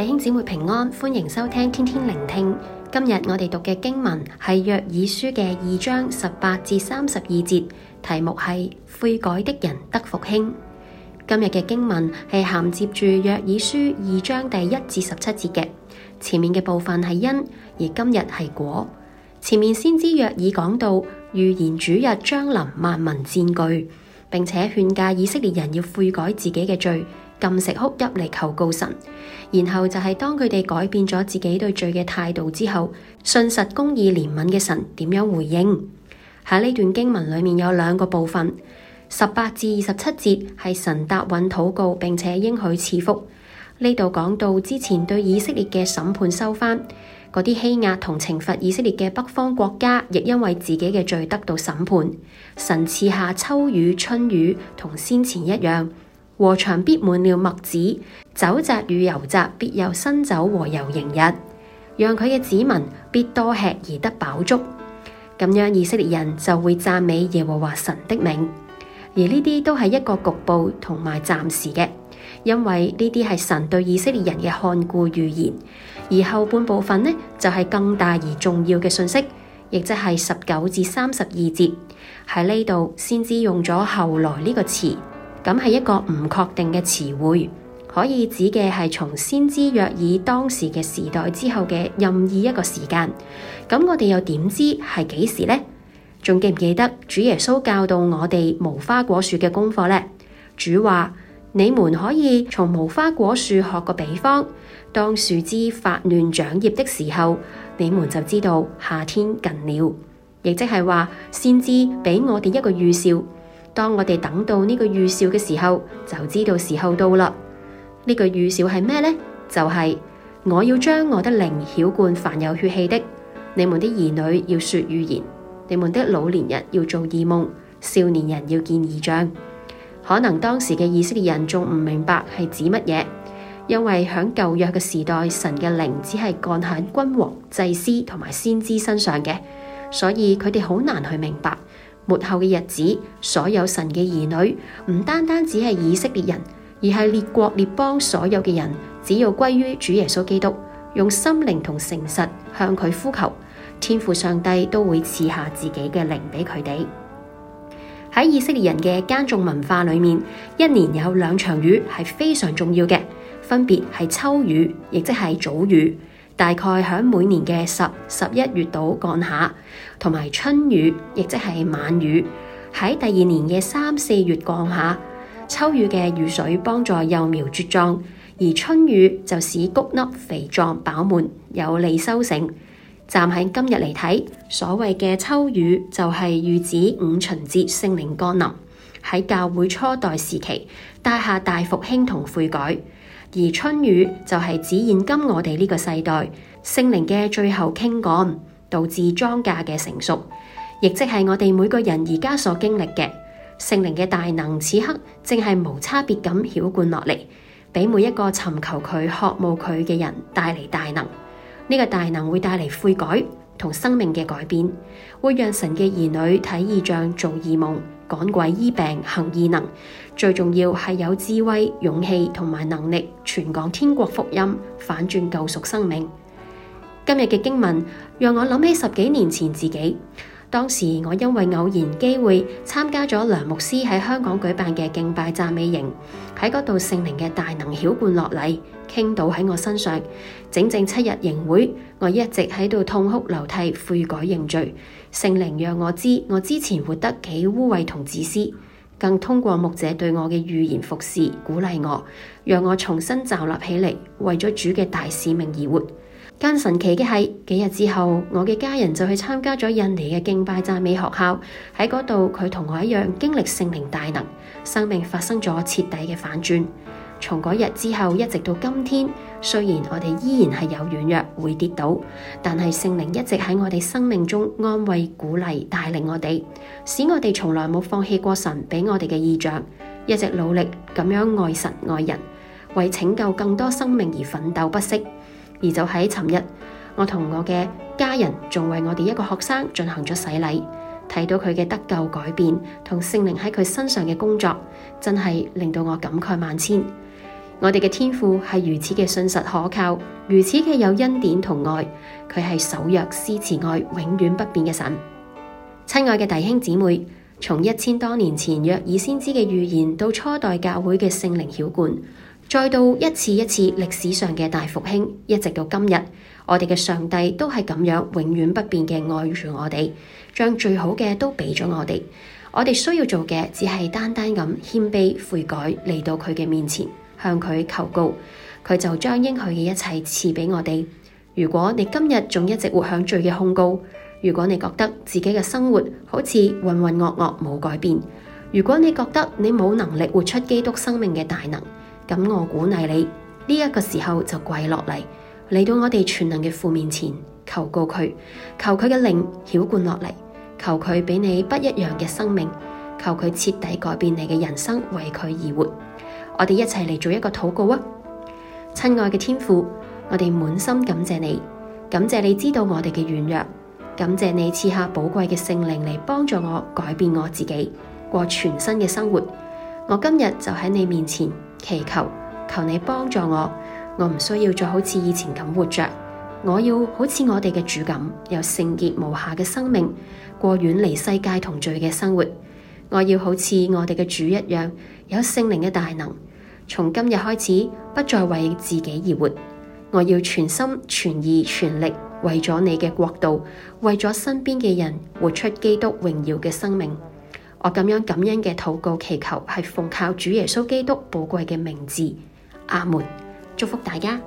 弟兄姊妹平安，歡迎收聽天天聆聽。今日我哋讀嘅經文係約珥書嘅二章十八至三十二節，題目係悔改的人得復興。今日嘅經文係銜接住約珥書二章第一至十七節嘅，前面嘅部分係因，而今日係果。前面先知約珥講到預言主日將臨萬民戰懼，並且勸誡以色列人要悔改自己嘅罪，禁食哭泣嚟求告神，然後就係當佢哋改變咗自己對罪嘅態度之後，信實公義憐憫嘅神點樣回應。喺呢段經文裏面有兩個部分，十八至二十七節係神答允禱告並且應許賜福。呢度講到之前對以色列嘅審判收翻，嗰啲欺壓同懲罰以色列嘅北方國家，亦因為自己嘅罪得到審判。神賜下秋雨春雨同先前一樣。和牆必滿了墨子，酒擲與油擲必有新酒和油盈日，讓佢嘅子民必多吃而得飽足，咁樣以色列人就會讚美耶和華神的名。而呢啲都係一個局部同埋暫時嘅，因為呢啲係神對以色列人嘅看顧預言。而後半部分呢就係、是、更大而重要嘅信息，亦即係十九至三十二節，喺呢度先至用咗後來呢個詞。咁係一個唔確定嘅詞彙，可以指嘅係從先知約珥當時嘅時代之後嘅任意一個時間。咁我哋又點知係幾時呢？仲記唔記得主耶穌教導我哋無花果樹嘅功課呢？主話：你們可以從無花果樹學個比方，當樹枝發嫩長葉的時候，你們就知道夏天近了。亦即係話，先知俾我哋一個預兆。當我哋等到呢個預兆嘅時候，就知道時候到啦。呢、這個預兆係咩呢？就係、是、我要將我的靈澆灌凡有血氣的，你們的兒女要說預言，你們的老年人要做異夢，少年人要見異象。可能當時嘅以色列人仲唔明白係指乜嘢，因為響舊約嘅時代，神嘅靈只係降響君王、祭司同埋先知身上嘅，所以佢哋好難去明白。末後嘅日子，所有神嘅兒女唔單單只係以色列人，而係列國列邦所有嘅人，只要歸於主耶穌基督，用心靈同誠實向佢呼求，天父上帝都會賜下自己嘅靈俾佢哋。喺以色列人嘅耕種文化裏面，一年有兩場雨係非常重要嘅，分別係秋雨，亦即係早雨。大概喺每年嘅十十一月度降下，同埋春雨，亦即係晚雨，喺第二年嘅三四月降下。秋雨嘅雨水幫助幼苗茁壯，而春雨就使穀粒肥壯飽滿，有利收成。站喺今日嚟睇，所謂嘅秋雨就係寓指五旬節聖靈降臨，喺教會初代時期，帶下大復興同悔改。而春雨就係指現今我哋呢個世代聖靈嘅最後傾降，導致莊稼嘅成熟，亦即係我哋每個人而家所經歷嘅聖靈嘅大能，此刻正係無差別咁澆灌落嚟，俾每一個尋求佢、渴慕佢嘅人帶嚟大能。呢個大能會帶嚟悔改。同生命嘅改變，會讓神嘅兒女睇異象、做異夢、趕鬼醫病、行異能。最重要係有智慧、勇氣同埋能力，傳講天國福音，反轉救贖生命。今日嘅經文讓我諗起十幾年前自己。當時我因為偶然機會參加咗梁牧師喺香港舉辦嘅敬拜讚美營，喺嗰度聖靈嘅大能澆灌落嚟，傾倒喺我身上，整整七日營會，我一直喺度痛哭流涕悔改認罪。聖靈讓我知我之前活得幾污穢同自私，更通過牧者對我嘅預言服侍，鼓勵我，讓我重新站立起嚟，為咗主嘅大使命而活。更神奇嘅係，幾日之後，我嘅家人就去參加咗印尼嘅敬拜讚美學校，喺嗰度佢同我一樣經歷聖靈大能，生命發生咗徹底嘅反轉。從嗰日之後一直到今天，雖然我哋依然係有軟弱會跌倒，但係聖靈一直喺我哋生命中安慰鼓勵帶領我哋，使我哋從來冇放棄過神俾我哋嘅異象，一直努力咁樣愛神愛人，為拯救更多生命而奮鬥不息。而就喺尋日，我同我嘅家人仲為我哋一個學生進行咗洗禮，睇到佢嘅得救改變同聖靈喺佢身上嘅工作，真係令到我感慨萬千。我哋嘅天父係如此嘅信實可靠，如此嘅有恩典同愛，佢係守約施慈愛、永遠不變嘅神。親愛嘅弟兄姊妹，從一千多年前約珥先知嘅預言到初代教會嘅聖靈澆灌，再到一次一次歷史上嘅大復興，一直到今日，我哋嘅上帝都係咁樣永遠不變嘅愛住我哋，將最好嘅都俾咗我哋。我哋需要做嘅只係單單咁謙卑悔，悔改嚟到佢嘅面前，向佢求告，佢就將應許嘅一切賜俾我哋。如果你今日仲一直活響罪嘅控告，如果你覺得自己嘅生活好似渾渾噩噩冇改變，如果你覺得你冇能力活出基督生命嘅大能。咁，那我鼓勵你呢一、這個時候就跪落嚟，嚟到我哋全能嘅父面前求告佢，求佢嘅靈澆灌落嚟，求佢俾你不一樣嘅生命，求佢徹底改變你嘅人生，為佢而活。我哋一齊嚟做一個禱告啊！親愛嘅天父，我哋滿心感謝你，感謝你知道我哋嘅軟弱，感謝你賜下寶貴嘅聖靈嚟幫助我改變我自己，過全新嘅生活。我今日就喺你面前。祈求，求你幫助我，我唔需要再好似以前咁活着，我要好似我哋嘅主咁，有聖潔無瑕嘅生命，過遠離世界同罪嘅生活。我要好似我哋嘅主一樣，有聖靈嘅大能，從今日開始，不再為自己而活。我要全心全意全力為咗你嘅國度，為咗身邊嘅人，活出基督榮耀嘅生命。我咁樣感恩嘅禱告祈求，係奉靠主耶穌基督寶貴嘅名字，阿門。祝福大家。